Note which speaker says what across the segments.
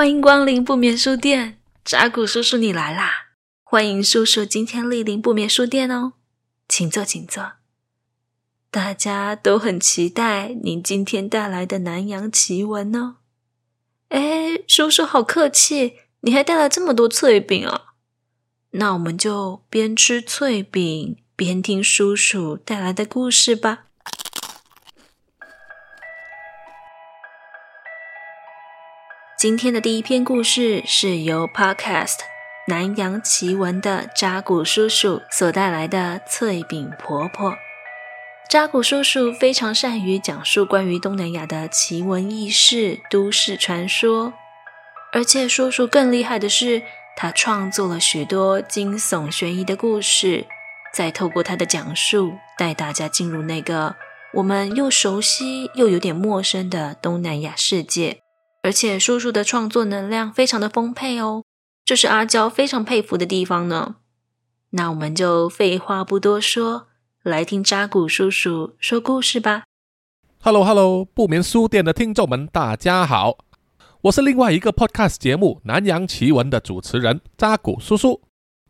Speaker 1: 歡迎光臨不眠書店，渣古叔叔你來啦！歡迎叔叔今天蒞臨不眠書店哦，請坐，請坐。大家都很期待您今天帶來的南洋奇聞哦。哎，叔叔好客氣，你還帶來這麼多脆餅啊？那我們就邊吃脆餅邊聽叔叔帶來的故事吧。今天的第一篇故事是由 Podcast 南洋奇聞的渣古叔叔所帶來的《脆餅婆婆》。渣古叔叔非常善於講述關於東南亞的奇聞異事、都市傳說，而且叔叔更厲害的是，他創作了許多驚悚懸疑的故事，再透過他的講述，帶大家進入那個我們又熟悉又有點陌生的東南亞世界。而且叔叔的創作能量非常的豐沛哦，這是阿焦非常佩服的地方呢。那我們就廢話不多說，來聽渣古叔叔說故事吧。
Speaker 2: Hello Hello，不眠書店的聽眾們，大家好，我是另外一個 Podcast 節目《南洋奇聞》的主持人渣古叔叔。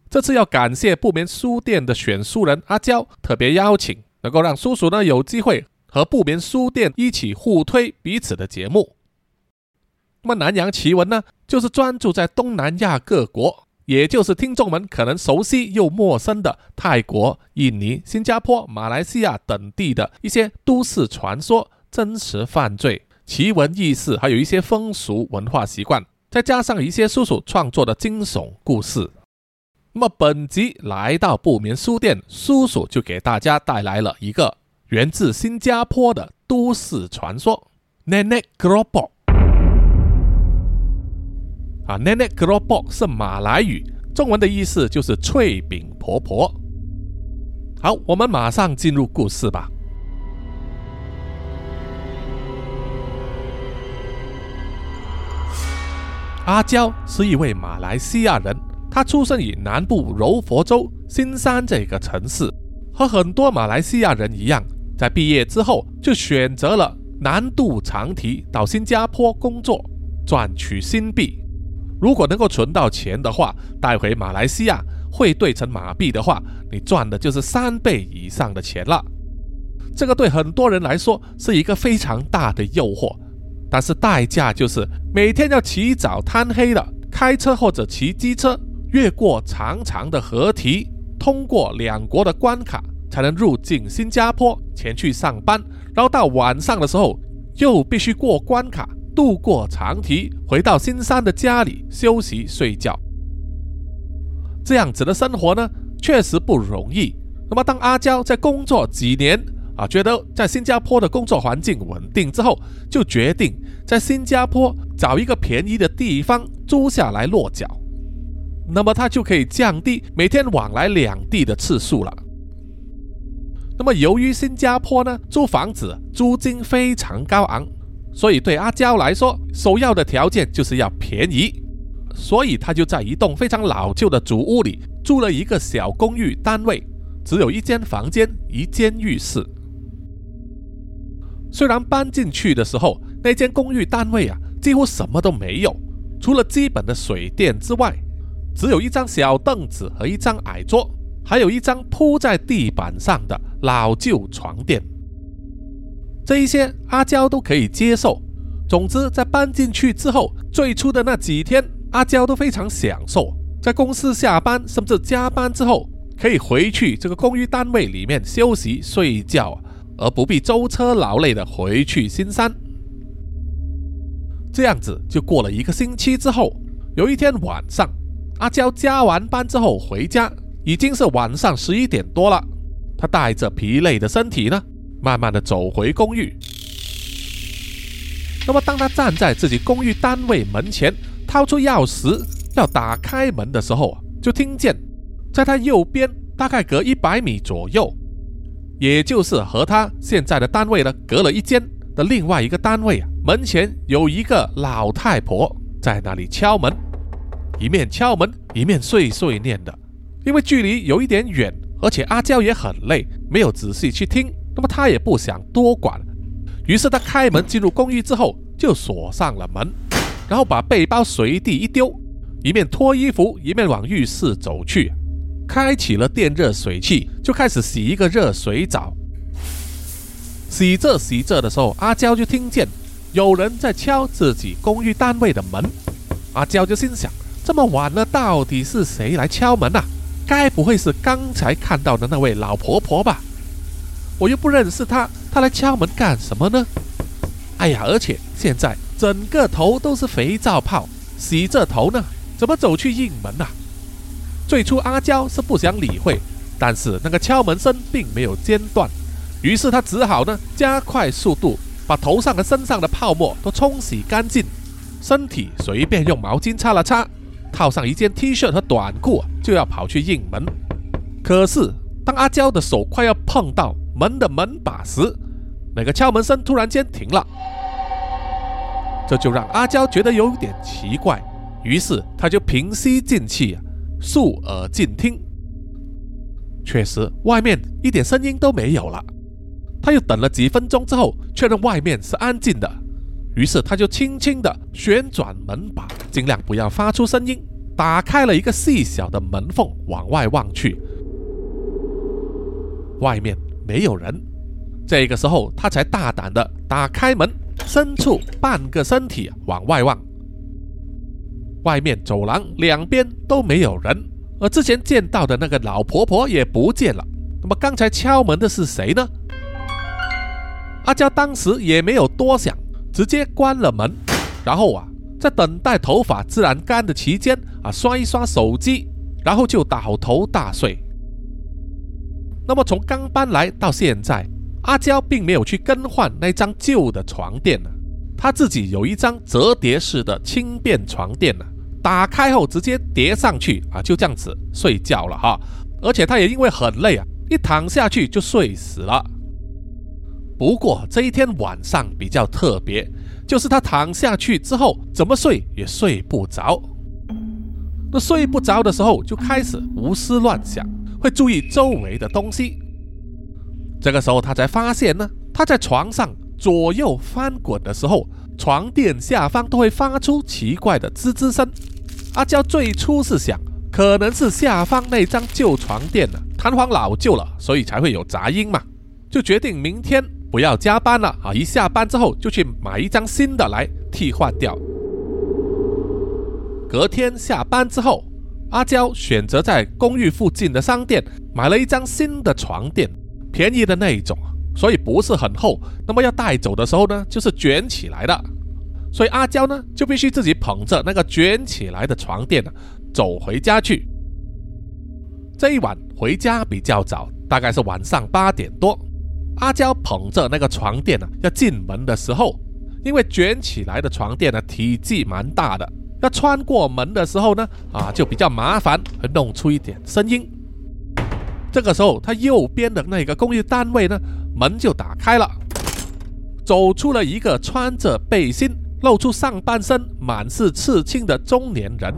Speaker 2: 這次要感謝不眠書店的選書人阿焦，特別邀請，能夠讓叔叔呢有機會和不眠書店一起互推彼此的節目。那麼南洋奇聞呢，就是專注在東南亞各國，也就是聽眾們可能熟悉又陌生的泰國、印尼、新加坡、馬來西亞等地的一些都市傳說、真實犯罪、奇聞異事，還有一些風俗文化習慣，再加上一些叔叔創作的驚悚故事。那麼本集來到不眠書店，叔叔就給大家帶來了一個源自新加坡的都市傳說，Nenek Gropo 啊 Nenek Kropok 是馬來語，中文的意思就是“脆餅婆婆”。好，我們馬上進入故事吧。阿嬌是一位馬來西亞人，她出生於南部柔佛州新山這個城市。和很多馬來西亞人一樣，在畢業之後就選擇了南渡長堤到新加坡工作，賺取新幣。如果能夠存到錢的話，帶回馬來西亞匯兌成馬幣的話，你賺的就是三倍以上的錢了。這個對很多人來說是一個非常大的誘惑，但是代價就是每天要起早貪黑的開車或者騎機車越過長長的河堤，通過兩國的關卡，才能入境新加坡前去上班。然後到晚上的時候又必須過關卡。度過長堤，回到新山的家裡休息睡覺。這樣子的生活呢，確實不容易。那麼，當阿嬌在工作幾年啊，覺得在新加坡的工作環境穩定之後，就決定在新加坡找一個便宜的地方租下來落腳。那麼，他就可以降低每天往來兩地的次數了。那麼，由於新加坡呢，租房子租金非常高昂。所以，對阿嬌來說，首要的條件就是要便宜，所以她就在一棟非常老舊的組屋裡住了一個小公寓單位，只有一間房間、一間浴室。雖然搬進去的時候，那間公寓單位啊，幾乎什麼都沒有，除了基本的水電之外，只有一張小凳子和一張矮桌，還有一張鋪在地板上的老舊床墊。這一些阿嬌都可以接受。總之，在搬進去之後，最初的那幾天，阿嬌都非常享受，在公司下班甚至加班之後，可以回去這個公寓單位裡面休息睡覺，而不必舟車勞累的回去新山。這樣子就過了一個星期之後，有一天晚上，阿嬌加完班之後回家，已經是晚上十一點多了。她帶着疲累的身體呢。慢慢的走回公寓。那麼，當他站在自己公寓單位門前，掏出鑰匙要打開門的時候，就聽見，在他右邊大概隔一百米左右，也就是和他現在的單位呢隔了一間的另外一個單位啊，門前有一個老太婆在那裡敲門，一面敲門一面碎碎念的。因為距離有一點遠，而且阿嬌也很累，沒有仔細去聽。那麼他也不想多管，於是他開門進入公寓之後就鎖上了門，然後把背包隨地一丟，一面脫衣服一面往浴室走去，開啟了電熱水器，就開始洗一個熱水澡。洗着洗着的時候，阿嬌就聽見有人在敲自己公寓單位的門，阿嬌就心想：這麼晚了，到底是誰來敲門啊？該不會是剛才看到的那位老婆婆吧？我又不認識他，他來敲門幹什麼呢？哎呀，而且現在整個頭都是肥皂泡，洗着頭呢，怎麼走去應門啊？最初阿嬌是不想理會，但是那個敲門聲並沒有間斷，於是她只好呢加快速度，把頭上和身上的泡沫都沖洗乾淨，身體隨便用毛巾擦了擦，套上一件 T 恤和短褲就要跑去應門。可是當阿嬌的手快要碰到，門的門把時，那個敲門聲突然間停了，這就讓阿嬌覺得有一點奇怪。於是她就屏息靜氣，豎耳靜聽。確實，外面一點聲音都沒有了。她又等了幾分鐘之後，確認外面是安靜的，於是她就輕輕地旋轉門把，盡量不要發出聲音，打開了一個細小的門縫，往外望去。外面。沒有人，這個時候他才大膽的打開門，伸出半個身體，啊、往外望。外面走廊兩邊都沒有人，而之前見到的那個老婆婆也不見了。那麼剛才敲門的是誰呢？阿嬌當時也沒有多想，直接關了門，然後啊，在等待頭髮自然乾的期間啊，刷一刷手機，然後就倒頭大睡。那麼從剛搬來到現在，阿嬌並沒有去更換那張舊的床墊，她自己有一張折疊式的輕便床墊，打開後直接疊上去啊，就這樣子睡覺了哈。而且她也因為很累啊，一躺下去就睡死了。不過這一天晚上比較特別，就是她躺下去之後怎麼睡也睡不着，那睡不着的時候就開始胡思亂想。會注意周圍的東西。這個時候，他才發現呢，他在床上左右翻滾的時候，床墊下方都會發出奇怪的滋滋聲。阿、啊、嬌最初是想，可能是下方那張舊床墊的、啊、彈簧老舊了，所以才會有雜音嘛，就決定明天不要加班了啊，一下班之後就去買一張新的來替換掉。隔天下班之後。阿嬌選擇在公寓附近的商店買了一張新的床墊，便宜的那一種，所以不是很厚。那麼要帶走的時候呢，就是卷起來的，所以阿嬌呢就必須自己捧着那個卷起來的床墊啊走回家去。這一晚回家比較早，大概是晚上八點多。阿嬌捧着那個床墊啊要進門的時候，因為卷起來的床墊呢體積蠻大的。那穿過門的時候呢，啊，就比較麻煩，弄出一點聲音。這個時候，他右邊的那個公寓單位呢，門就打開了，走出了一個穿着背心、露出上半身、滿是刺青的中年人。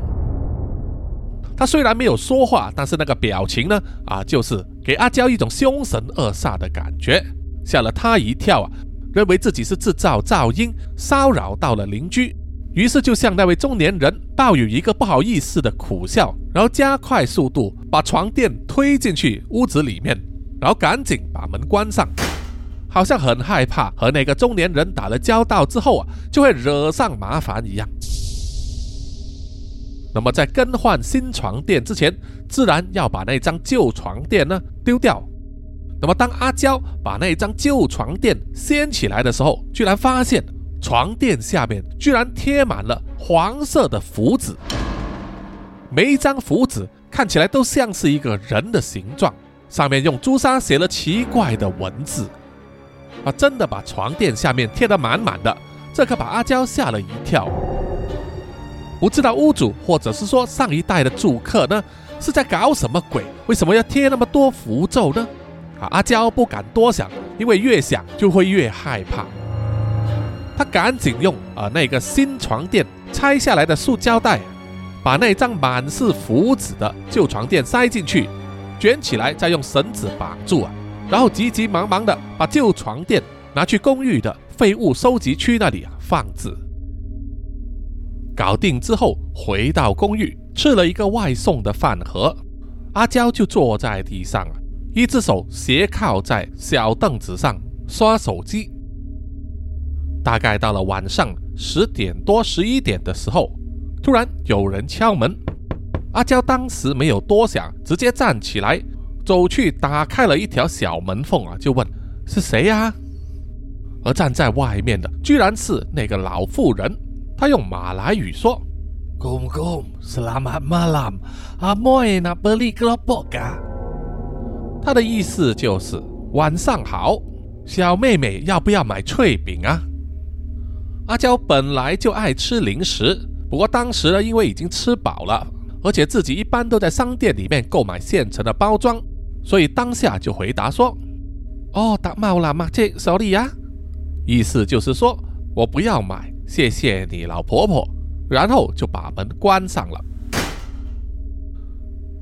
Speaker 2: 他雖然沒有說話，但是那個表情呢，啊，就是給阿焦一種凶神惡煞的感覺，嚇了她一跳啊，認為自己是製造噪音騷擾到了鄰居。於是就向那位中年人抱有一個不好意思的苦笑，然後加快速度把床墊推進去屋子裡面，然後趕緊把門關上，好像很害怕和那個中年人打了交道之後啊，就會惹上麻煩一樣。那麼在更換新床墊之前，自然要把那張舊床墊呢丟掉。那麼當阿嬌把那張舊床墊掀起來的時候，居然發現。床墊下面居然貼滿了黃色的符紙，每一張符紙看起來都像是一個人的形狀，上面用朱砂寫了奇怪的文字。啊，真的把床墊下面貼得滿滿的，這可把阿嬌嚇了一跳。不知道屋主或者是說上一代的住客呢，是在搞什麼鬼？為什麼要貼那麼多符咒呢？啊，阿嬌不敢多想，因為越想就會越害怕。他趕緊用啊、呃、那個新床墊拆下來的塑膠袋，把那張滿是符紙的舊床墊塞進去，捲起來，再用繩子綁住啊，然後急急忙忙的把舊床墊拿去公寓的廢物收集區那裡放置。搞定之後，回到公寓吃了一個外送的飯盒，阿嬌就坐在地上，一隻手斜靠在小凳子上刷手機。大概到了晚上十點多、十一點的時候，突然有人敲門。阿嬌當時沒有多想，直接站起來走去，打開了一條小門縫啊，就問：“是誰呀、啊？”而站在外面的居然是那個老婦人。她用馬來語說：“Gong Gong Selamat Malam, A Moi nak beli keropok。”她的意思就是：“晚上好，小妹妹，要不要買脆餅啊？”阿嬌本來就愛吃零食，不過當時呢，因為已經吃飽了，而且自己一般都在商店裡面購買現成的包裝，所以當下就回答說：“哦，打冒了嘛，這手裡呀。”意思就是說我不要買，謝謝你，老婆婆。然後就把門關上了。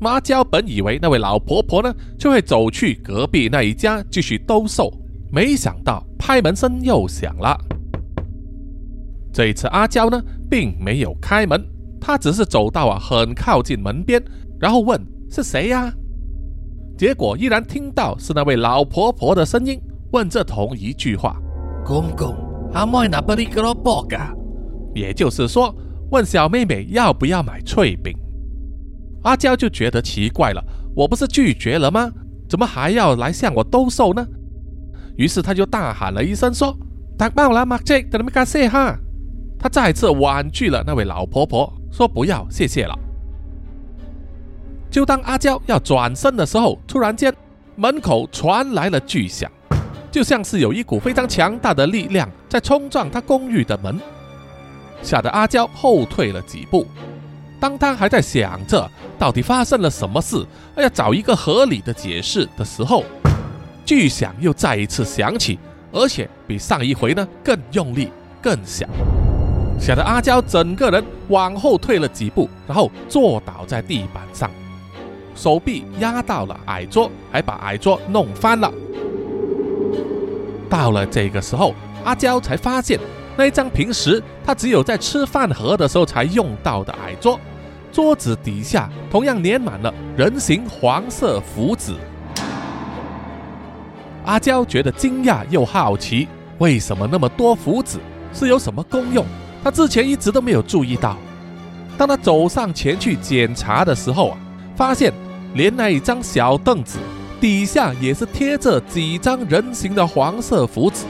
Speaker 2: 阿嬌本以為那位老婆婆呢就會走去隔壁那一家繼續兜售，沒想到拍門聲又響了。這一次，阿嬌呢並沒有開門，她只是走到啊很靠近門邊，然後問是誰呀、啊？結果依然聽到是那位老婆婆的聲音，問這同一句話：“公公，阿妹那不你個了不個？”也就是說，問小妹妹要不要買脆餅。阿嬌就覺得奇怪了，我不是拒絕了嗎？怎麼還要來向我兜售呢？於是她就大喊了一聲說：“大包啦，麥姐，跟大家說哈！”他再次婉拒了那位老婆婆，說：“不要，謝謝了。”就當阿嬌要轉身的時候，突然間，門口傳來了巨響，就像是有一股非常強大的力量在衝撞她公寓的門，嚇得阿嬌後退了幾步。當她還在想着到底發生了什麼事，要找一個合理的解釋的時候，巨響又再一次響起，而且比上一回呢更用力、更響。嚇得阿嬌整個人往後退了幾步，然後坐倒在地板上，手臂壓到了矮桌，還把矮桌弄翻了。到了這個時候，阿嬌才發現，那一張平時她只有在吃飯盒的時候才用到的矮桌，桌子底下同樣粘滿了人形黃色符紙。阿嬌覺得驚訝又好奇，為什麼那麼多符紙是有什麼功用？他之前一直都沒有注意到，當他走上前去檢查的時候啊，發現連那一張小凳子底下也是貼着幾張人形的黃色符紙，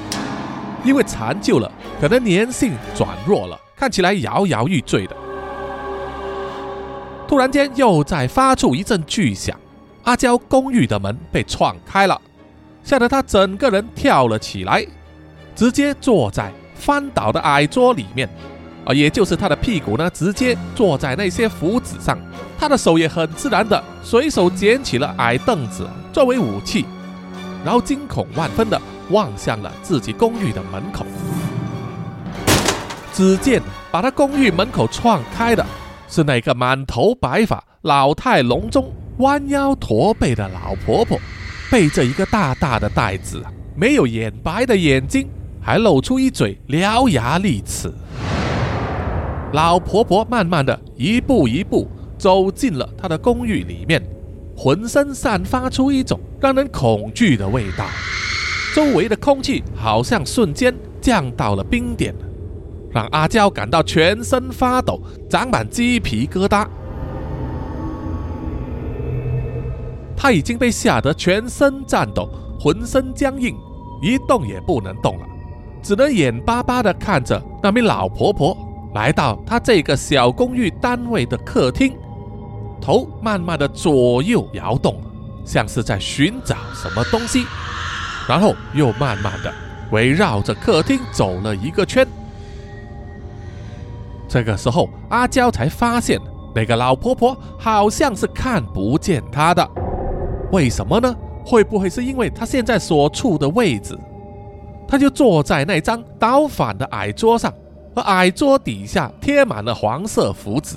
Speaker 2: 因為殘舊了，可能粘性轉弱了，看起來搖搖欲墜的。突然間又在發出一陣巨響，阿嬌公寓的門被撞開了，嚇得他整個人跳了起來，直接坐在。翻倒的矮桌裡面，啊，也就是他的屁股呢，直接坐在那些符紙上。他的手也很自然的隨手撿起了矮凳子作為武器，然後驚恐萬分的望向了自己公寓的門口。只見把他公寓門口撞開的是那個滿頭白髮、老態龍鍾、彎腰駝背的老婆婆，背着一個大大的袋子，沒有眼白的眼睛，還露出一嘴獠牙利齒。老婆婆慢慢的一步一步走進了她的公寓裡面，渾身散發出一種讓人恐懼的味道，周圍的空氣好像瞬間降到了冰點，讓阿嬌感到全身發抖，長滿雞皮疙瘩。她已經被嚇得全身顫抖，渾身僵硬，一動也不能動了。只能眼巴巴地看着那名老婆婆來到她這個小公寓單位的客廳，頭慢慢的左右搖動，像是在尋找什麼東西，然後又慢慢的圍繞着客廳走了一個圈。這個時候，阿嬌才發現那個老婆婆好像是看不見她的，為什麼呢？會不會是因為她現在所處的位置？他就坐在那張倒反的矮桌上，而矮桌底下貼滿了黃色符紙。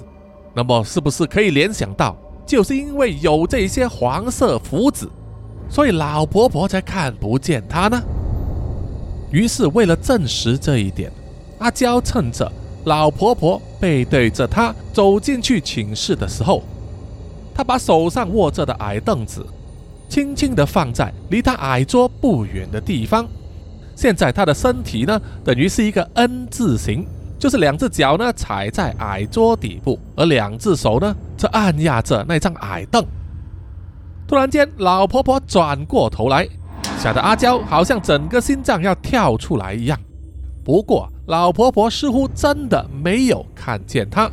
Speaker 2: 那麼，是不是可以聯想到，就是因為有這些黃色符紙，所以老婆婆才看不見他呢？於是，為了證實這一點，阿嬌趁着老婆婆背對着她走進去寢室的時候，她把手上握着的矮凳子，輕輕地放在離她矮桌不遠的地方。現在她的身體呢，等於是一個 N 字形，就是兩隻腳呢踩在矮桌底部，而兩隻手呢則按壓着那張矮凳。突然間，老婆婆轉過頭來，嚇得阿嬌好像整個心臟要跳出來一樣。不過，老婆婆似乎真的沒有看見她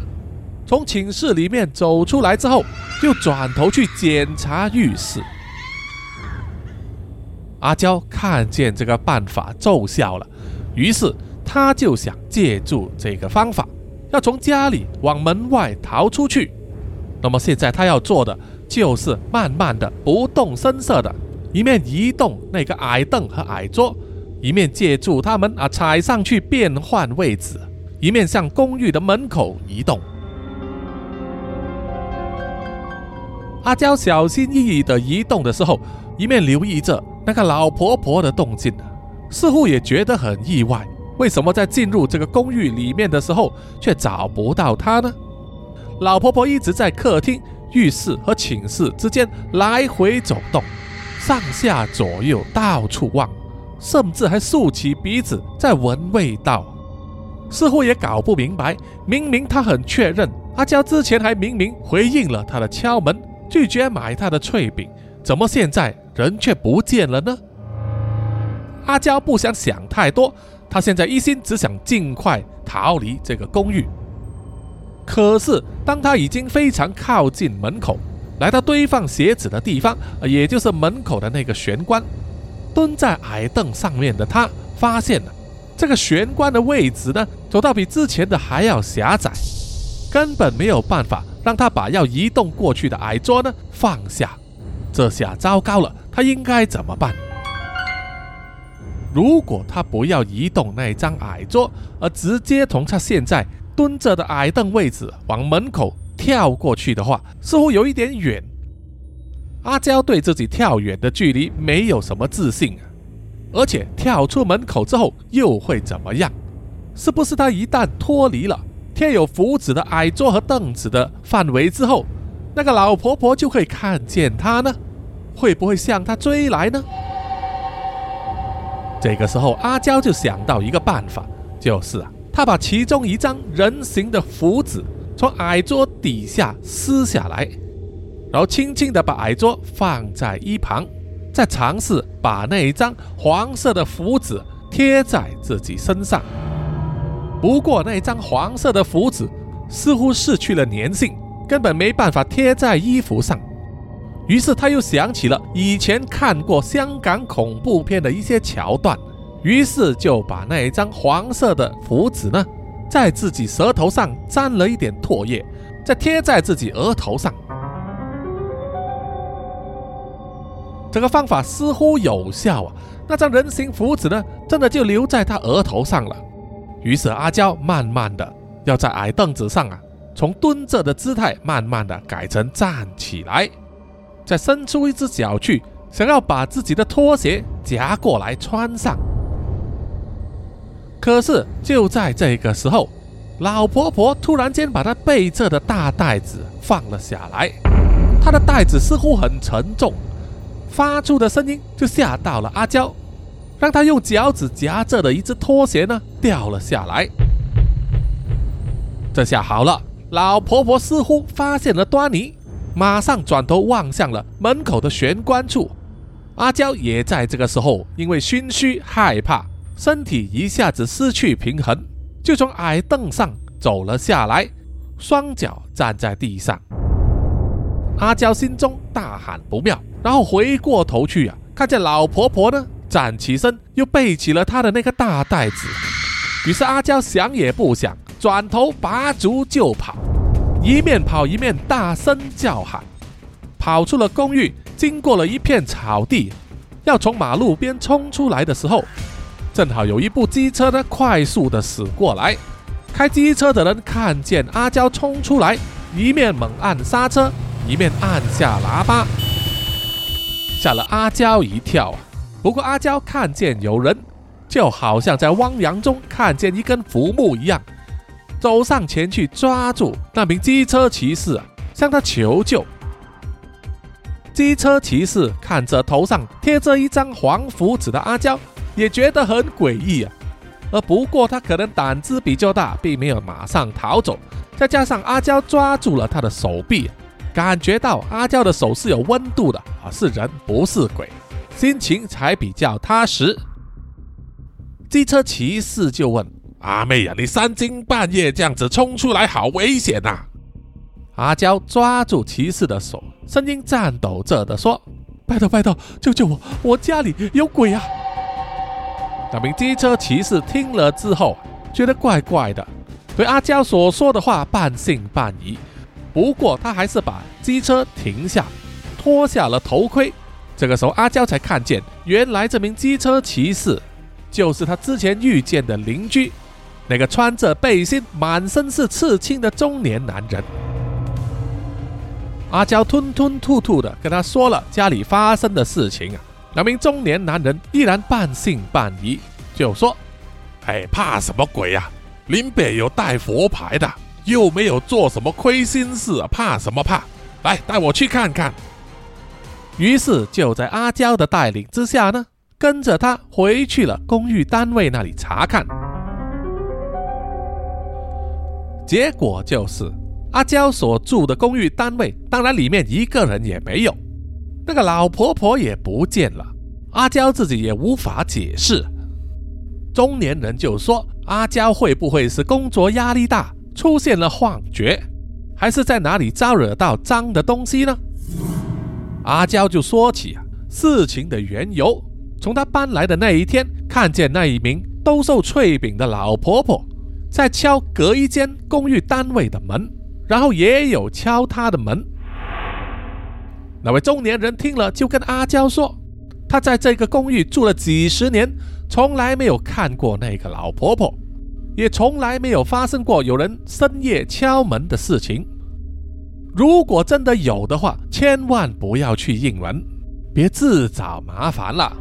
Speaker 2: 從寢室裡面走出來之後，又轉頭去檢查浴室。阿嬌看見這個辦法奏效了，於是她就想借助這個方法，要從家裡往門外逃出去。那麼現在她要做的就是慢慢的、不動聲色的，一面移動那個矮凳和矮桌，一面借助他們啊踩上去變換位置，一面向公寓的門口移動。阿嬌小心翼翼的移動的時候，一面留意着。看看老婆婆的動靜啊，似乎也覺得很意外。為什麼在進入這個公寓裡面的時候，卻找不到她呢？老婆婆一直在客廳、浴室和寢室之間來回走動，上下左右到處望，甚至還豎起鼻子在聞味道，似乎也搞不明白。明明她很確認，阿嬌之前還明明回應了她的敲門，拒絕買她的脆餅，怎麼現在？人卻不見了呢？阿嬌不想想太多，她現在一心只想盡快逃離這個公寓。可是，當她已經非常靠近門口，來到堆放鞋子的地方，也就是門口的那個玄關，蹲在矮凳上面的她，發現了這個玄關的位置呢，走到比之前的還要狹窄，根本沒有辦法讓她把要移動過去的矮桌呢放下。這下糟糕了。他應該怎麼辦？如果他不要移動那張矮桌，而直接從他現在蹲着的矮凳位置往門口跳過去的話，似乎有一點遠。阿嬌對自己跳遠的距離沒有什麼自信啊，而且跳出門口之後又會怎麼樣？是不是他一旦脫離了貼有符紙的矮桌和凳子的範圍之後，那個老婆婆就會看見他呢？會不會向他追來呢？這個時候，阿嬌就想到一個辦法，就是啊，她把其中一張人形的符紙從矮桌底下撕下來，然後輕輕地把矮桌放在一旁，再嘗試把那一張黃色的符紙貼在自己身上。不過，那一張黃色的符紙似乎失去了粘性，根本沒辦法貼在衣服上。於是他又想起了以前看過香港恐怖片的一些橋段，於是就把那一張黃色的符紙呢，在自己舌頭上沾了一點唾液，再貼在自己額頭上。這個方法似乎有效啊！那張人形符紙呢，真的就留在他額頭上了。於是阿嬌慢慢的要在矮凳子上啊，從蹲着的姿態慢慢的改成站起來。再伸出一隻腳去，想要把自己的拖鞋夾過來穿上。可是就在這個時候，老婆婆突然間把她背着的大袋子放了下來，她的袋子似乎很沉重，發出的聲音就嚇到了阿嬌，讓她用腳趾夾着的一隻拖鞋呢掉了下來。這下好了，老婆婆似乎發現了端倪。馬上轉頭望向了門口的玄關處，阿嬌也在這個時候因為心虛害怕，身體一下子失去平衡，就從矮凳上走了下來，雙腳站在地上。阿嬌心中大喊不妙，然後回過頭去啊，看見老婆婆呢站起身，又背起了她的那個大袋子，於是阿嬌想也不想，轉頭拔足就跑。一面跑一面大聲叫喊，跑出了公寓，經過了一片草地，要從馬路邊衝出來的時候，正好有一部機車呢快速的駛過來，開機車的人看見阿嬌衝出來，一面猛按剎車，一面按下喇叭，嚇了阿嬌一跳，不過阿嬌看見有人，就好像在汪洋中看見一根浮木一樣。走上前去抓住那名機車騎士，啊，向他求救。機車騎士看着頭上貼着一張黃符紙的阿嬌，也覺得很詭異啊。而不過他可能膽子比較大，並沒有馬上逃走。再加上阿嬌抓住了他的手臂，感覺到阿嬌的手是有溫度的啊，是人不是鬼，心情才比較踏實。機車騎士就問。阿妹呀、啊，你三更半夜這樣子衝出來，好危險吶、啊！阿嬌抓住騎士的手，聲音顫抖着地說：“拜託拜託，救救我，我家裡有鬼啊！”那名機車騎士聽了之後覺得怪怪的，對阿嬌所說的話半信半疑。不過他還是把機車停下，脫下了頭盔。這個時候，阿嬌才看見，原來這名機車騎士就是他之前遇見的鄰居。那個穿着背心、滿身是刺青的中年男人，阿嬌吞吞吐吐吐的跟他說了家裡發生的事情啊。兩名中年男人依然半信半疑，就說：“哎，怕什麼鬼呀？林北有帶佛牌的，又沒有做什麼虧心事啊，怕什麼怕？來，帶我去看看。”於是就在阿嬌的帶領之下呢，跟着他回去了公寓單位那裡查看。結果就是，阿嬌所住的公寓單位，當然裡面一個人也沒有，那個老婆婆也不見了，阿嬌自己也無法解釋。中年人就說：“阿嬌會不會是工作壓力大，出現了幻覺，還是在哪裡招惹到髒的東西呢？”阿嬌就說起啊，事情的緣由，從她搬來的那一天，看見那一名兜售脆餅的老婆婆，在敲隔一間公寓單位的門，然後也有敲他的門。那位中年人聽了，就跟阿嬌說：“他在這個公寓住了幾十年，從來沒有看過那個老婆婆，也從來沒有發生過有人深夜敲門的事情。如果真的有的話，千萬不要去應門，別自找麻煩了。”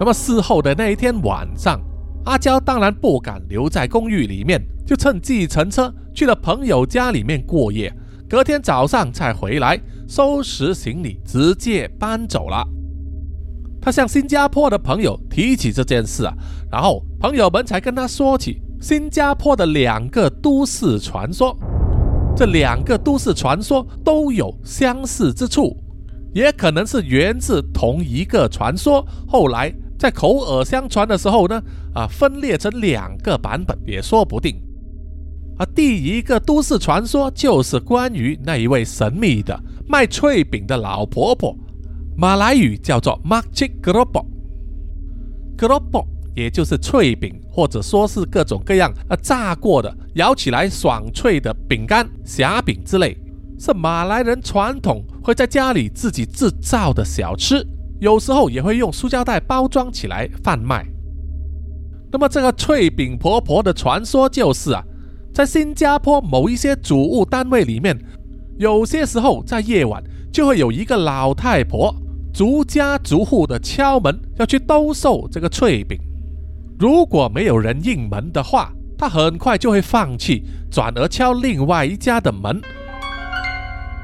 Speaker 2: 那麼事後的那一天晚上。阿嬌當然不敢留在公寓裡面，就乘計程車去了朋友家裡面過夜，隔天早上才回來收拾行李，直接搬走了。他向新加坡的朋友提起這件事啊，然後朋友們才跟他說起新加坡的兩個都市傳說。這兩個都市傳說都有相似之處，也可能是源自同一個傳說。後來。在口耳相傳的時候呢，啊，分裂成兩個版本也說不定。啊，第一個都市傳說就是關於那一位神秘的賣脆餅的老婆婆，馬來語叫做 “Makcik Keropok”，Keropok 也就是脆餅，或者說是各種各樣啊炸過的、咬起來爽脆的餅乾、蝦餅之類，是馬來人傳統會在家裡自己製造的小吃。有時候也會用塑膠袋包裝起來販賣。那麼這個脆餅婆婆的傳說就是啊，在新加坡某一些組屋單位裡面，有些時候在夜晚就會有一個老太婆逐家逐戶的敲門，要去兜售這個脆餅。如果沒有人應門的話，她很快就會放棄，轉而敲另外一家的門。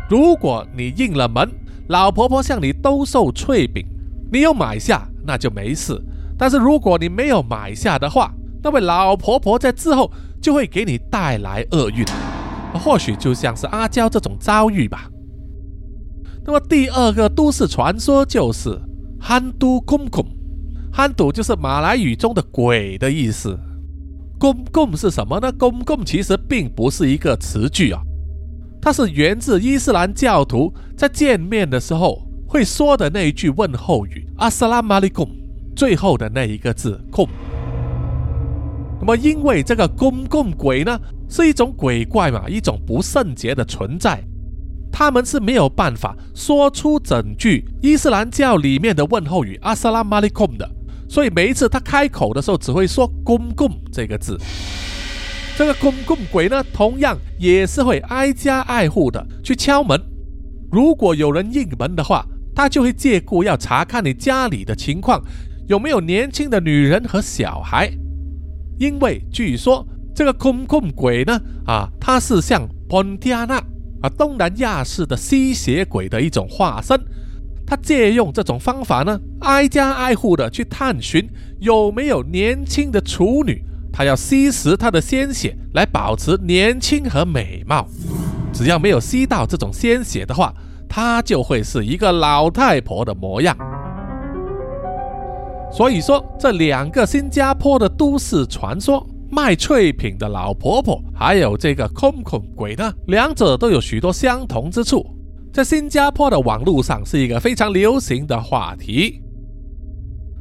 Speaker 2: 如果你應了門，老婆婆向你兜售脆餅。你有買下，那就沒事；但是如果你沒有買下的話，那位老婆婆在之後就會給你帶來厄運，或許就像是阿嬌這種遭遇吧。那麼第二個都市傳說就是 Handu “憨都公公”，“憨都”就是馬來語中的“鬼”的意思，“公公”是什麼呢？“公公”其實並不是一個詞句啊、哦，它是源自伊斯蘭教徒在見面的時候。會說的那一句問候語阿斯拉瑪利控，最後的那一個字控。那麼，因為這個公共鬼呢，是一種鬼怪嘛，一種不聖潔的存在，他們是沒有辦法說出整句伊斯蘭教裡面的問候語阿斯拉瑪利控的，所以每一次他開口的時候，只會說“公共”這個字。這個公共鬼呢，同樣也是會挨家挨戶的去敲門，如果有人應門的話。他就會借故要查看你家裡的情況，有沒有年輕的女人和小孩，因為據說這個空空鬼呢，啊，他是像邦蒂亞納啊，東南亞式的吸血鬼的一種化身，他借用這種方法呢，挨家挨戶的去探尋有沒有年輕的處女，他要吸食她的鮮血來保持年輕和美貌，只要沒有吸到這種鮮血的話。她就會是一個老太婆的模樣。所以說，這兩個新加坡的都市傳說——賣脆餅的老婆婆，還有這個空空鬼呢，兩者都有許多相同之處，在新加坡的網絡上是一個非常流行的話題。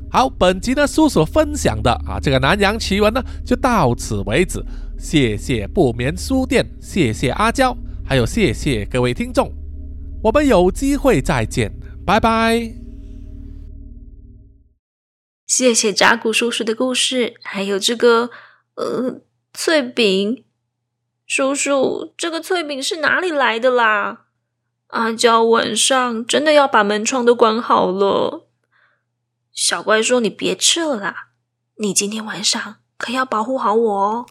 Speaker 2: 好，本集呢，叔叔分享的啊，這個南洋奇聞呢，就到此為止。謝謝不眠書店，謝謝阿焦，還有謝謝各位聽眾。我們有機會再見，拜拜。
Speaker 1: 謝謝渣古叔叔的故事，還有這個，呃，脆餅。叔叔，這個脆餅是哪裡來的啦？阿焦晚上真的要把門窗都關好了。小怪獸：“你別吃了啦，你今天晚上可要保護好我哦。”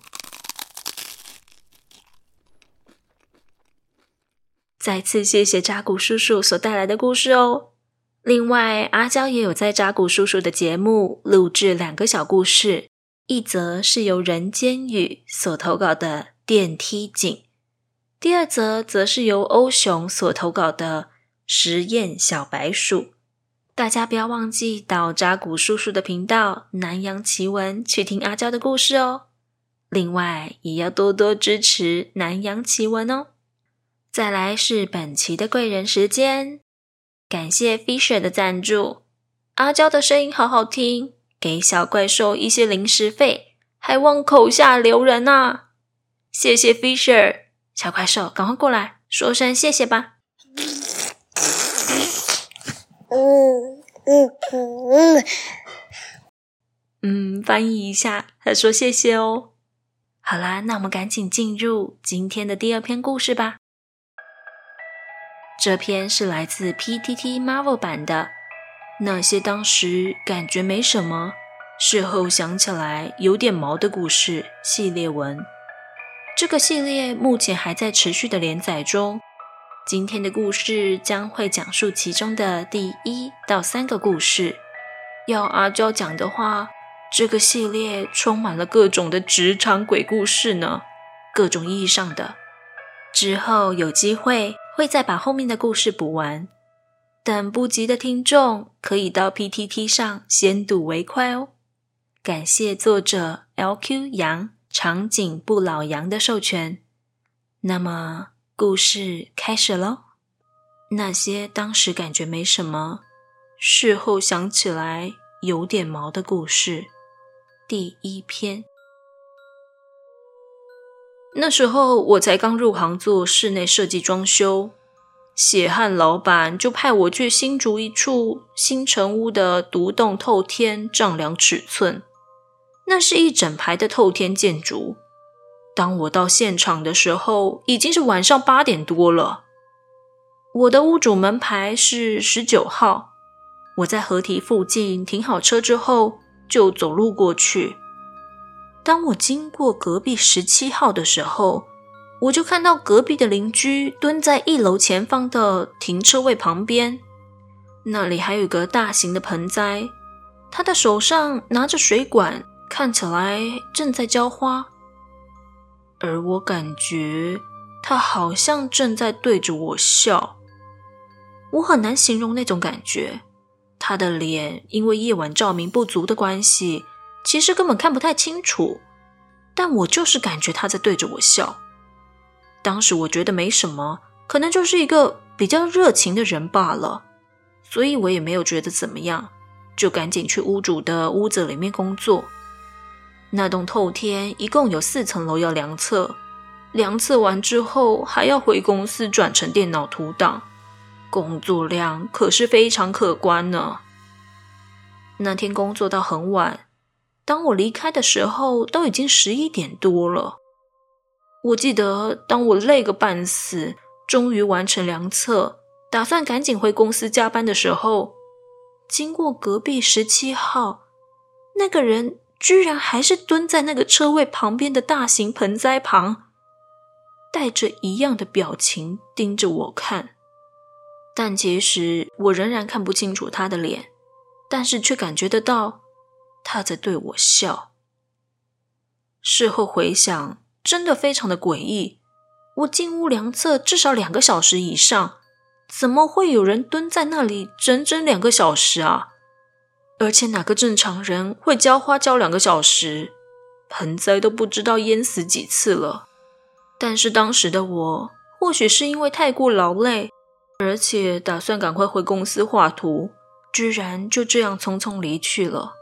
Speaker 1: 再次謝謝渣古叔叔所帶來的故事哦。另外，阿焦也有在渣古叔叔的節目錄製兩個小故事，一則是由人間雨所投稿的電梯井，第二則則是由歐雄所投稿的實驗小白鼠。大家不要忘記到渣古叔叔的頻道南洋奇聞去聽阿焦的故事哦。另外，也要多多支持南洋奇聞哦。再來是本期的貴人時間，感謝 Fisher 的贊助。阿焦的聲音好好聽，給小怪獸一些零食費，還望口下留人吶啊。謝謝 Fisher，小怪獸，趕快過來說聲謝謝吧。嗯嗯嗯，嗯，翻譯一下，他說謝謝哦。好啦，那我們趕緊進入今天的第二篇故事吧。這篇是來自 PTT Marvel 版的，那些當時感覺沒什麼，事後想起來有點毛的故事系列文。這個系列目前還在持續的連載中。今天的故事將會講述其中的第一到三個故事。要阿焦講的話，這個系列充滿了各種的職場鬼故事呢，各種意義上的。之後有機會。會再把後面的故事補完，等不及的聽眾可以到 PTT 上先睹為快哦。感謝作者 LQ 羊，長頸不老羊的授權。那麼故事開始嘍。那些當時感覺沒什麼，事後想起來有點毛的故事，第一篇。那時候我才剛入行做室內設計裝修，血汗老闆就派我去新竹一處新成屋的獨棟透天丈量尺寸。那是一整排的透天建築。當我到現場的時候，已經是晚上八點多了。我的屋主門牌是十九號。我在河堤附近停好車之後，就走路過去。當我經過隔壁十七號的時候，我就看到隔壁的鄰居蹲在一樓前方的停車位旁邊，那裡還有一個大型的盆栽，他的手上拿着水管，看起來正在澆花，而我感覺他好像正在對着我笑，我很難形容那種感覺，他的臉因為夜晚照明不足的關係。其實根本看不太清楚，但我就是感覺他在對着我笑。當時我覺得沒什麼，可能就是一個比較熱情的人罷了，所以我也沒有覺得怎麼樣，就趕緊去屋主的屋子裡面工作。那棟透天一共有四層樓要量測，量測完之後還要回公司轉成電腦圖檔，工作量可是非常可觀呢。那天工作到很晚。當我離開的時候，都已經十一點多了。我記得，當我累個半死，終於完成量測，打算趕緊回公司加班的時候，經過隔壁十七號，那個人居然還是蹲在那個車位旁邊的大型盆栽旁，帶着一樣的表情盯着我看。但其實我仍然看不清楚他的臉，但是卻感覺得到。他在對我笑。事後回想，真的非常的詭異。我進屋量測至少兩個小時以上，怎麼會有人蹲在那裡整整兩個小時啊？而且哪個正常人會澆花澆兩個小時，盆栽都不知道淹死幾次了。但是當時的我，或許是因為太過勞累，而且打算趕快回公司畫圖，居然就這樣匆匆離去了。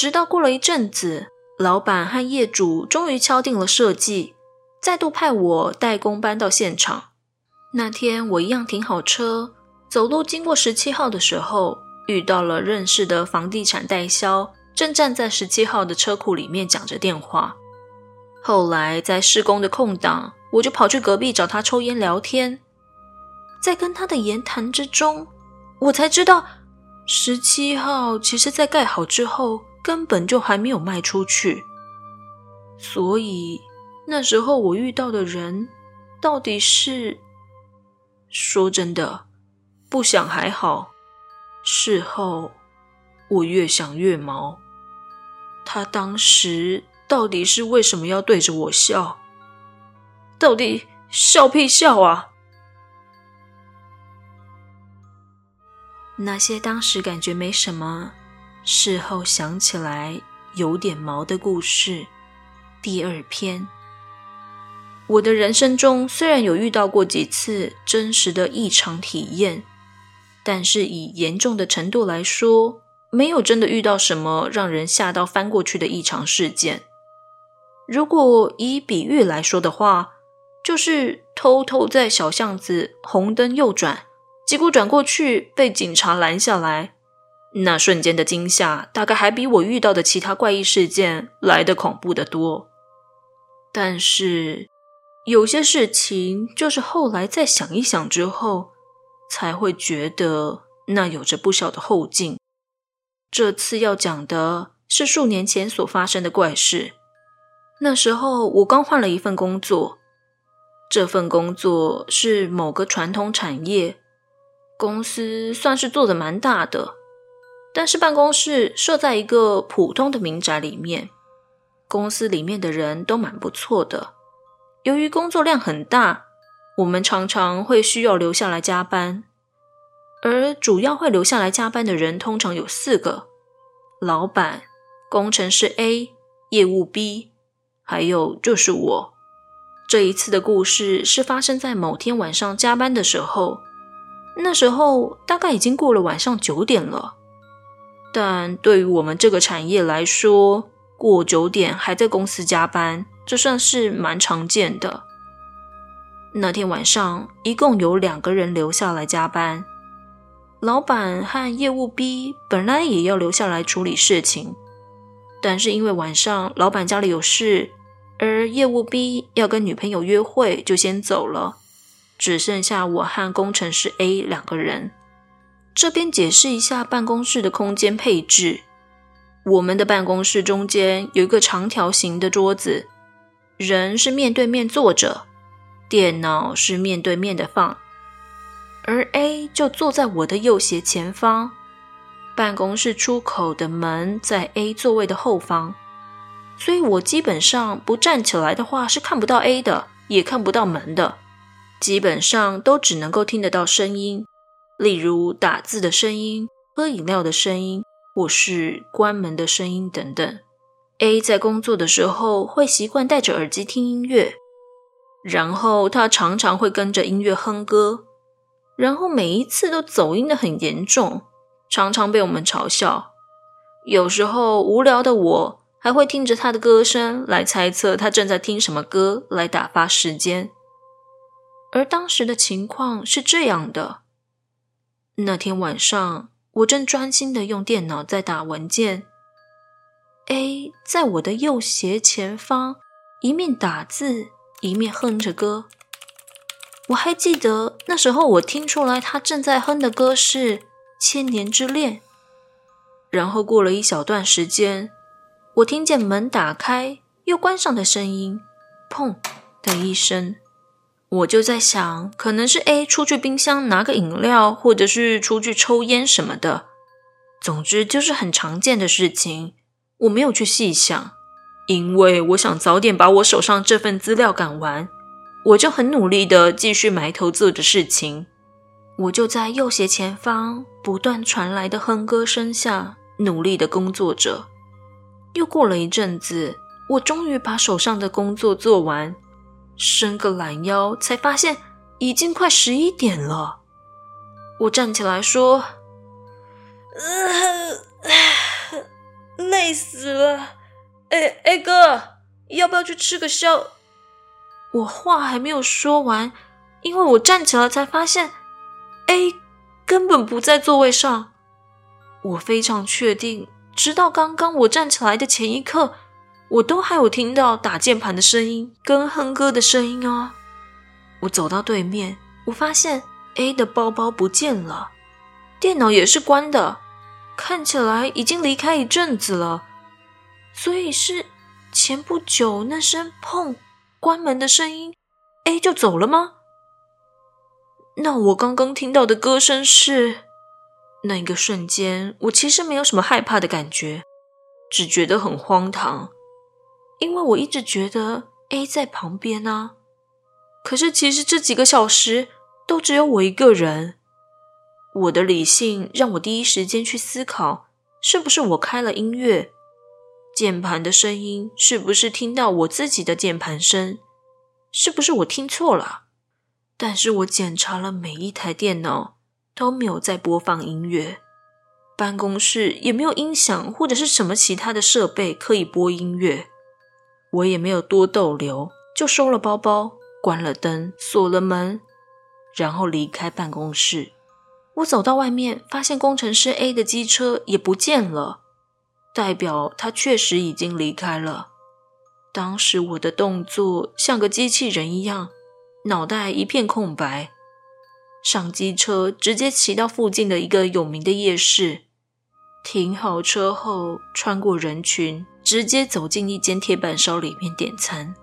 Speaker 1: 直到過了一陣子，老闆和業主終於敲定了設計，再度派我代工搬到現場。那天我一樣停好車，走路經過十七號的時候，遇到了認識的房地產代銷，正站在十七號的車庫裡面講着電話。後來在施工的空檔，我就跑去隔壁找他抽菸聊天。在跟他的言談之中，我才知道十七號其實在蓋好之後，根本就還沒有賣出去，所以那時候我遇到的人到底是……說真的，不想還好。事後我越想越毛，他當時到底是為什麼要對着我笑？到底笑屁笑啊？那些當時感覺沒什麼。事後想起來有點毛的故事，第二篇。我的人生中雖然有遇到過幾次真實的異常體驗，但是以嚴重的程度來說，沒有真的遇到什麼讓人嚇到翻過去的異常事件。如果以比喻來說的話，就是偷偷在小巷子紅燈右轉，結果轉過去被警察攔下來。那瞬間的驚嚇，大概還比我遇到的其他怪異事件來得恐怖得多。但是，有些事情就是後來再想一想之後，才會覺得那有着不小的後勁。這次要講的是數年前所發生的怪事。那時候我剛換了一份工作，這份工作是某個傳統產業，公司算是做得蠻大的。但是辦公室設在一個普通的民宅裡面，公司裡面的人都蠻不錯的。由於工作量很大，我們常常會需要留下來加班，而主要會留下來加班的人通常有四個：老板、工程師 A、業務 B，還有就是我。這一次的故事是發生在某天晚上加班的時候，那時候大概已經過了晚上九點了。但對於我們這個產業來說，過九點還在公司加班，這算是蠻常見的。那天晚上，一共有兩個人留下來加班，老闆和業務 B 本來也要留下來處理事情，但是因為晚上老闆家裡有事，而業務 B 要跟女朋友約會，就先走了，只剩下我和工程師 A 兩個人。這邊解釋一下辦公室的空間配置。我們的辦公室中間有一個長條形的桌子，人是面對面坐着，電腦是面對面的放。而 A 就坐在我的右斜前方。辦公室出口的門在 A 座位的後方，所以我基本上不站起來的話是看不到 A 的，也看不到門的，基本上都只能夠聽得到聲音。例如打字的聲音、喝飲料的聲音，或是關門的聲音等等。A 在工作的時候會習慣戴着耳機聽音樂，然後他常常會跟着音樂哼歌，然後每一次都走音得很嚴重，常常被我們嘲笑。有時候無聊的我還會聽着他的歌聲來猜測他正在聽什麼歌來打發時間。而當時的情況是這樣的。那天晚上，我正專心的用電腦在打文件。A 在我的右斜前方，一面打字，一面哼着歌。我還記得那時候，我聽出來他正在哼的歌是《千年之戀》。然後過了一小段時間，我聽見門打開又關上的聲音，砰的一聲。我就在想，可能是 A 出去冰箱拿個飲料，或者是出去抽菸什麼的，總之就是很常見的事情。我沒有去細想，因為我想早點把我手上這份資料趕完，我就很努力的繼續埋頭做着事情。我就在右斜前方不斷傳來的哼歌聲下努力的工作着。又過了一陣子，我終於把手上的工作做完。伸個懶腰，才發現已經快十一點了。我站起來說：“呃、累死了，哎哎哥，要不要去吃個宵？”我話還沒有說完，因為我站起來才發現，A 根本不在座位上。我非常確定，直到剛剛我站起來的前一刻。我都還有聽到打鍵盤的聲音跟哼歌的聲音哦。我走到對面，我發現 A 的包包不見了，電腦也是關的，看起來已經離開一陣子了。所以是前不久那聲砰關門的聲音，A 就走了嗎？那我剛剛聽到的歌聲是？那一個瞬間，我其實沒有什麼害怕的感覺，只覺得很荒唐。因為我一直覺得 A 在旁邊啊，可是其實這幾個小時都只有我一個人。我的理性讓我第一時間去思考，是不是我開了音樂？鍵盤的聲音是不是聽到我自己的鍵盤聲？是不是我聽錯了？但是我檢查了每一台電腦都沒有在播放音樂，辦公室也沒有音響或者是什麼其他的設備可以播音樂。我也沒有多逗留，就收了包包，關了燈，鎖了門，然後離開辦公室。我走到外面，發現工程師 A 的機車也不見了，代表他確實已經離開了。當時我的動作像個機器人一樣，腦袋一片空白。上機車，直接騎到附近的一個有名的夜市，停好車後，穿過人群。直接走進一間鐵板燒裡面點餐，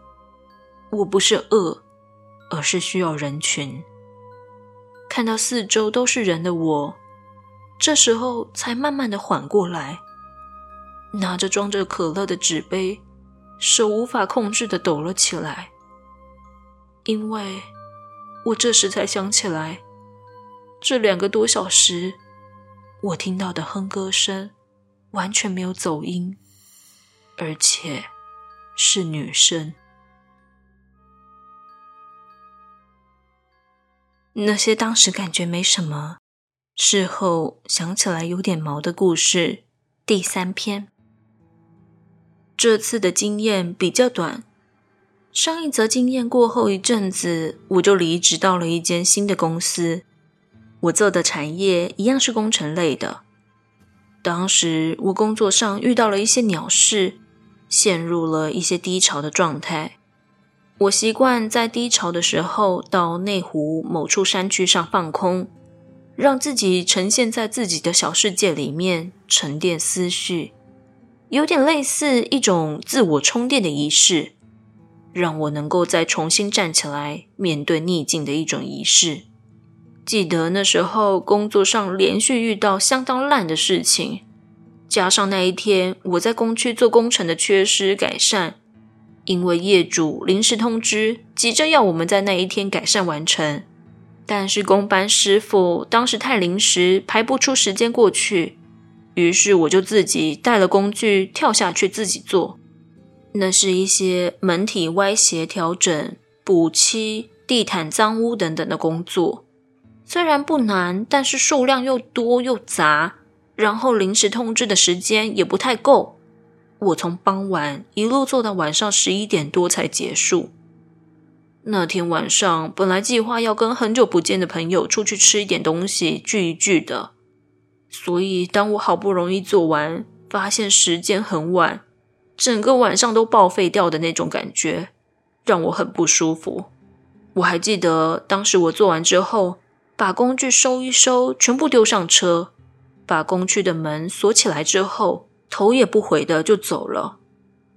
Speaker 1: 我不是餓，而是需要人群。看到四周都是人的我，這時候才慢慢的緩過來，拿着裝着可樂的紙杯，手無法控制的抖了起來。因為，我這時才想起來，這兩個多小時，我聽到的哼歌聲完全沒有走音。而且，是女生。那些當時感覺沒什麼，事後想起來有點毛的故事。第三篇，這次的經驗比較短。上一則經驗過後一陣子，我就離職到了一間新的公司。我做的產業一樣是工程類的。當時我工作上遇到了一些鳥事。陷入了一些低潮的狀態。我習慣在低潮的時候到內湖某處山區上放空，讓自己呈現在自己的小世界裡面沉澱思緒，有點類似一種自我充電的儀式，讓我能夠再重新站起來面對逆境的一種儀式。記得那時候工作上連續遇到相當爛的事情。加上那一天我在工區做工程的缺失改善，因為業主臨時通知，急着要我們在那一天改善完成。但是工班師傅當時太臨時，排不出時間過去，於是我就自己帶了工具跳下去自己做。那是一些門體歪斜調整、補漆、地毯髒污等等的工作，雖然不難，但是數量又多又雜。然後臨時通知的時間也不太夠，我從傍晚一路做到晚上十一點多才結束。那天晚上本來計劃要跟很久不見的朋友出去吃一點東西，聚一聚的。所以當我好不容易做完，發現時間很晚，整個晚上都報廢掉的那種感覺，讓我很不舒服。我還記得當時我做完之後，把工具收一收，全部丟上車。把工區的門鎖起來之後，頭也不回的就走了。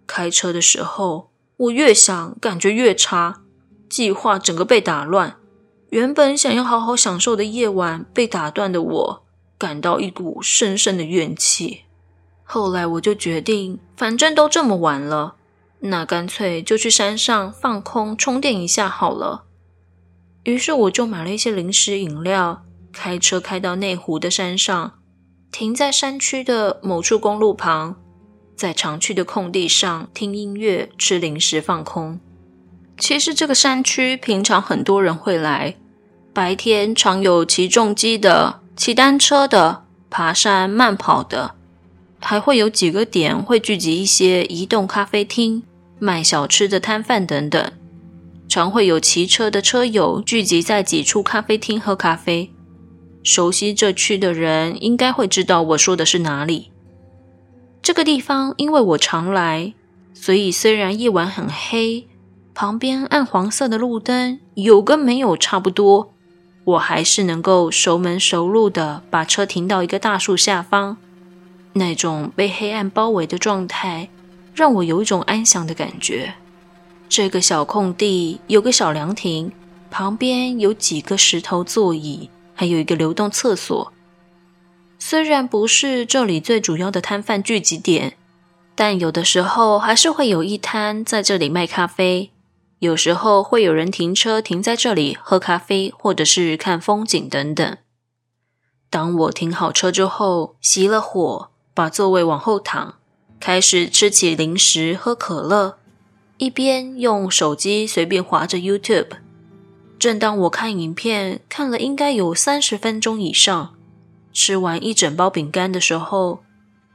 Speaker 1: 開車的時候，我越想感覺越差，計劃整個被打亂。原本想要好好享受的夜晚被打斷的我，感到一股深深的怨氣。後來我就決定，反正都這麼晚了，那乾脆就去山上放空充電一下好了。於是我就買了一些零食、飲料，開車開到內湖的山上。停在山區的某處公路旁，在常去的空地上聽音樂、吃零食、放空。其實這個山區平常很多人會來，白天常有騎重機的、騎單車的、爬山慢跑的，還會有幾個點會聚集一些移動咖啡廳、賣小吃的攤販等等，常會有騎車的車友聚集在幾處咖啡廳喝咖啡。熟悉這區的人應該會知道我說的是哪裡。這個地方因為我常來，所以雖然夜晚很黑，旁邊暗黃色的路燈有跟沒有差不多，我還是能夠熟門熟路地把車停到一個大樹下方。那種被黑暗包圍的狀態，讓我有一種安詳的感覺。這個小空地有個小涼亭，旁邊有幾個石頭座椅。還有一個流動廁所，雖然不是這裡最主要的攤販聚集點，但有的時候還是會有一攤在這裡賣咖啡。有時候會有人停車停在這裡喝咖啡，或者是看風景等等。當我停好車之後，熄了火，把座位往後躺，開始吃起零食，喝可樂，一邊用手機隨便滑著 YouTube。正當我看影片看了應該有三十分鐘以上，吃完一整包餅乾的時候，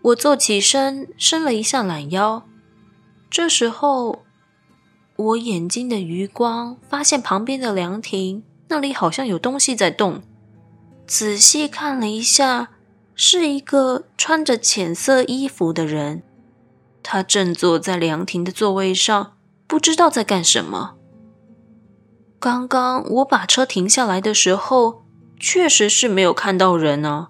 Speaker 1: 我坐起身，伸了一下懶腰。這時候，我眼睛的餘光發現旁邊的涼亭那裡好像有東西在動。仔細看了一下，是一個穿着淺色衣服的人，他正坐在涼亭的座位上，不知道在幹什麼。剛剛我把車停下來的時候，確實是沒有看到人呢。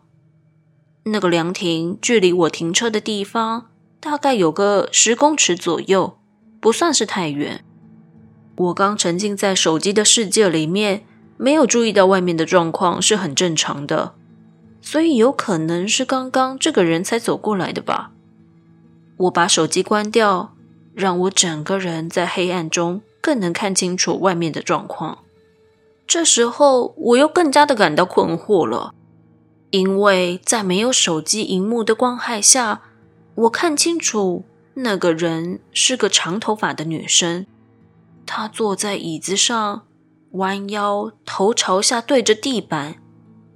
Speaker 1: 那個涼亭距離我停車的地方大概有個十公尺左右，不算是太遠。我剛沉浸在手機的世界裡面，沒有注意到外面的狀況是很正常的，所以有可能是剛剛這個人才走過來的吧。我把手機關掉，讓我整個人在黑暗中。更能看清楚外面的狀況。這時候，我又更加的感到困惑了，因為在沒有手機熒幕的光害下，我看清楚那個人是個長頭髮的女生，她坐在椅子上，彎腰，頭朝下對着地板，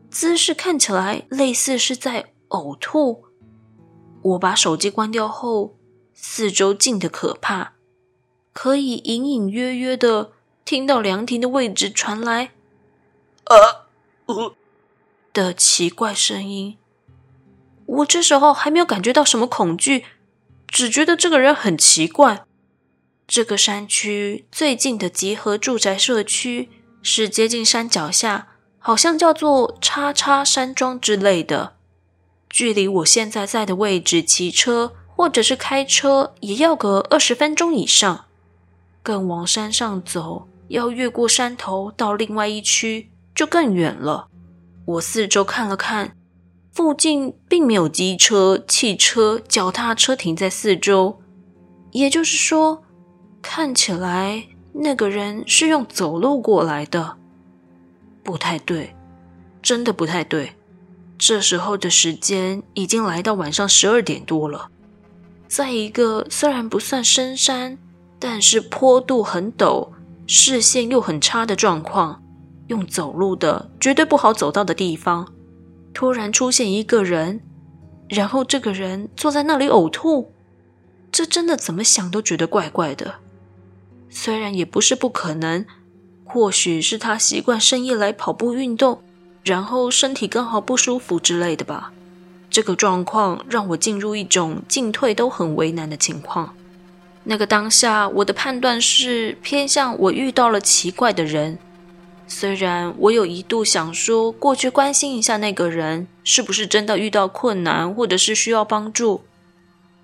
Speaker 1: 姿勢看起來類似是在嘔吐。我把手機關掉後，四周靜得可怕。可以隱隱約約的聽到涼亭的位置傳來“呃嗚”的奇怪聲音。我這時候還沒有感覺到什麼恐懼，只覺得這個人很奇怪。這個山區最近的集合住宅社區是接近山腳下，好像叫做“叉叉山莊”之類的。距離我現在在的位置，騎車或者是開車也要個二十分鐘以上。更往山上走，要越過山頭到另外一區就更遠了。我四周看了看，附近並沒有機車、汽車、腳踏車停在四周，也就是說，看起來那個人是用走路過來的，不太對，真的不太對。這時候的時間已經來到晚上十二點多了，在一個雖然不算深山，但是坡度很陡，視線又很差的狀況，用走路的絕對不好走到的地方，突然出現一個人，然後這個人坐在那裡嘔吐，這真的怎麼想都覺得怪怪的。雖然也不是不可能，或許是他習慣深夜來跑步運動，然後身體剛好不舒服之類的吧。這個狀況讓我進入一種進退都很為難的情況。那個當下，我的判斷是偏向我遇到了奇怪的人。雖然我有一度想說，過去關心一下那個人是不是真的遇到困難，或者是需要幫助，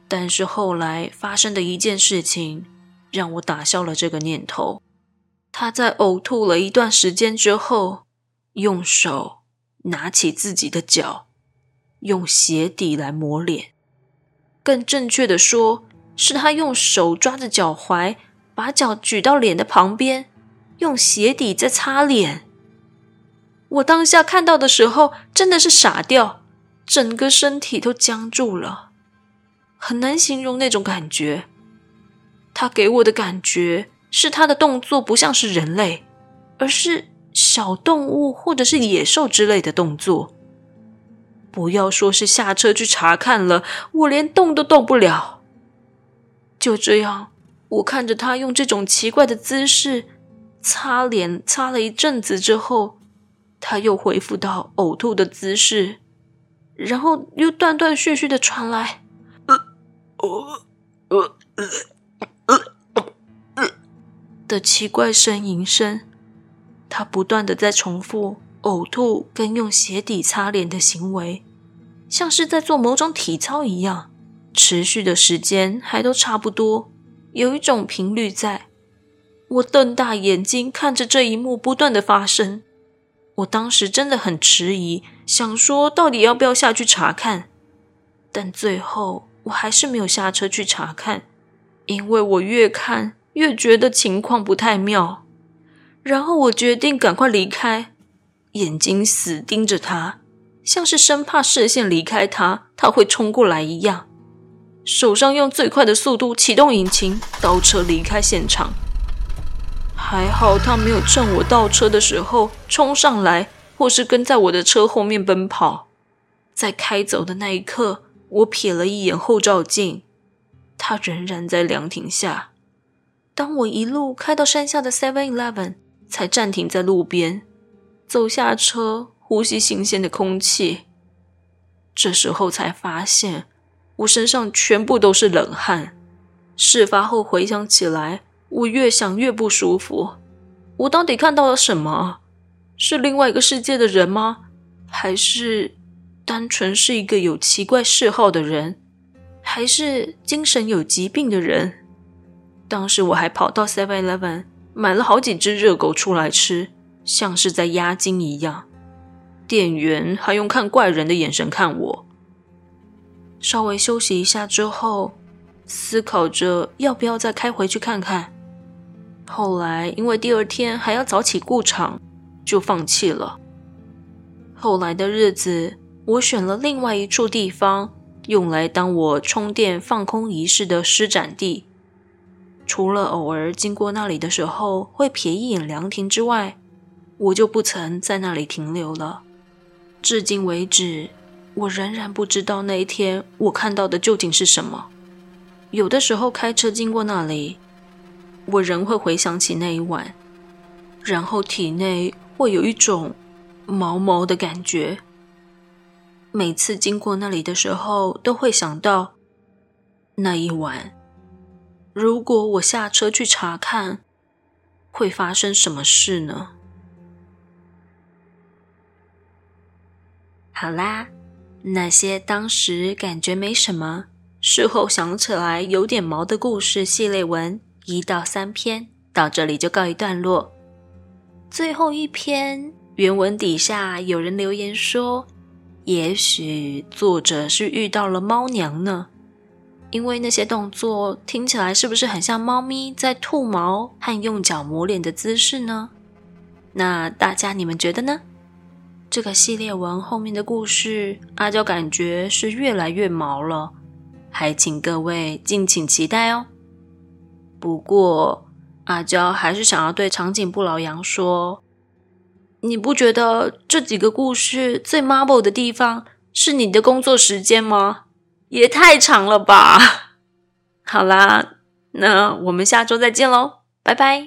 Speaker 1: 但是後來發生的一件事情讓我打消了這個念頭。他在嘔吐了一段時間之後，用手拿起自己的腳，用鞋底來抹臉，更正確的說。是他用手抓着腳踝，把腳舉到臉的旁邊，用鞋底在擦臉。我當下看到的時候，真的是傻掉，整個身體都僵住了，很難形容那種感覺。他給我的感覺是，他的動作不像是人類，而是小動物或者是野獸之類的動作。不要說是下車去查看了，我連動都動不了。就這樣，我看着他用這種奇怪的姿勢擦臉，擦了一陣子之後，他又恢復到嘔吐的姿勢，然後又斷斷續續的傳來“呃呃呃呃呃”的奇怪呻吟聲。他不斷的在重複嘔吐跟用鞋底擦臉的行為，像是在做某種體操一樣。持續的時間還都差不多，有一種頻率在。我瞪大眼睛看着這一幕不斷的發生，我當時真的很遲疑，想說到底要不要下去查看，但最後我還是沒有下車去查看，因為我越看越覺得情況不太妙。然後我決定趕快離開，眼睛死盯着他，像是生怕視線離開他，他會衝過來一樣。手上用最快的速度啟動引擎，倒車離開現場。還好他沒有趁我倒車的時候衝上來，或是跟在我的車後面奔跑。在開走的那一刻，我瞥了一眼後照鏡，他仍然在涼亭下。當我一路開到山下的 Seven Eleven，才暫停在路邊，走下車，呼吸新鮮的空氣。這時候才發現，我身上全部都是冷汗。事發後回想起來，我越想越不舒服。我到底看到了什麼？是另外一個世界的人嗎？還是單純是一個有奇怪嗜好的人？還是精神有疾病的人？當時我還跑到 Seven Eleven 買了好幾只熱狗出來吃，像是在壓驚一樣。店員還用看怪人的眼神看我。稍微休息一下之後，思考着要不要再開回去看看。後來，因為第二天還要早起顧廠，就放棄了。後來的日子，我選了另外一處地方，用來當我充電放空儀式的施展地。除了偶爾經過那裡的時候會瞥一眼涼亭之外，我就不曾在那裡停留了。至今為止。我仍然不知道那一天我看到的究竟是什麼。有的時候開車經過那裡，我仍會回想起那一晚，然後體內會有一種毛毛的感覺。每次經過那裡的時候，都會想到那一晚。如果我下車去查看，會發生什麼事呢？好啦。那些當時感覺沒什麼，事後想起來有點毛的故事系列文一到三篇到這裡就告一段落。最後一篇原文底下有人留言說：“也許作者是遇到了貓娘呢？因為那些動作聽起來是不是很像貓咪在吐毛和用腳磨臉的姿勢呢？”那大家你們覺得呢？這個系列文後面的故事，阿焦感覺是越來越毛了，還請各位敬請期待哦。不過，阿焦還是想要對長頸不老羊說：“你不覺得這幾個故事最 Marvel 的地方是你的工作時間嗎？也太長了吧！”好啦，那我們下周再見嘍，拜拜。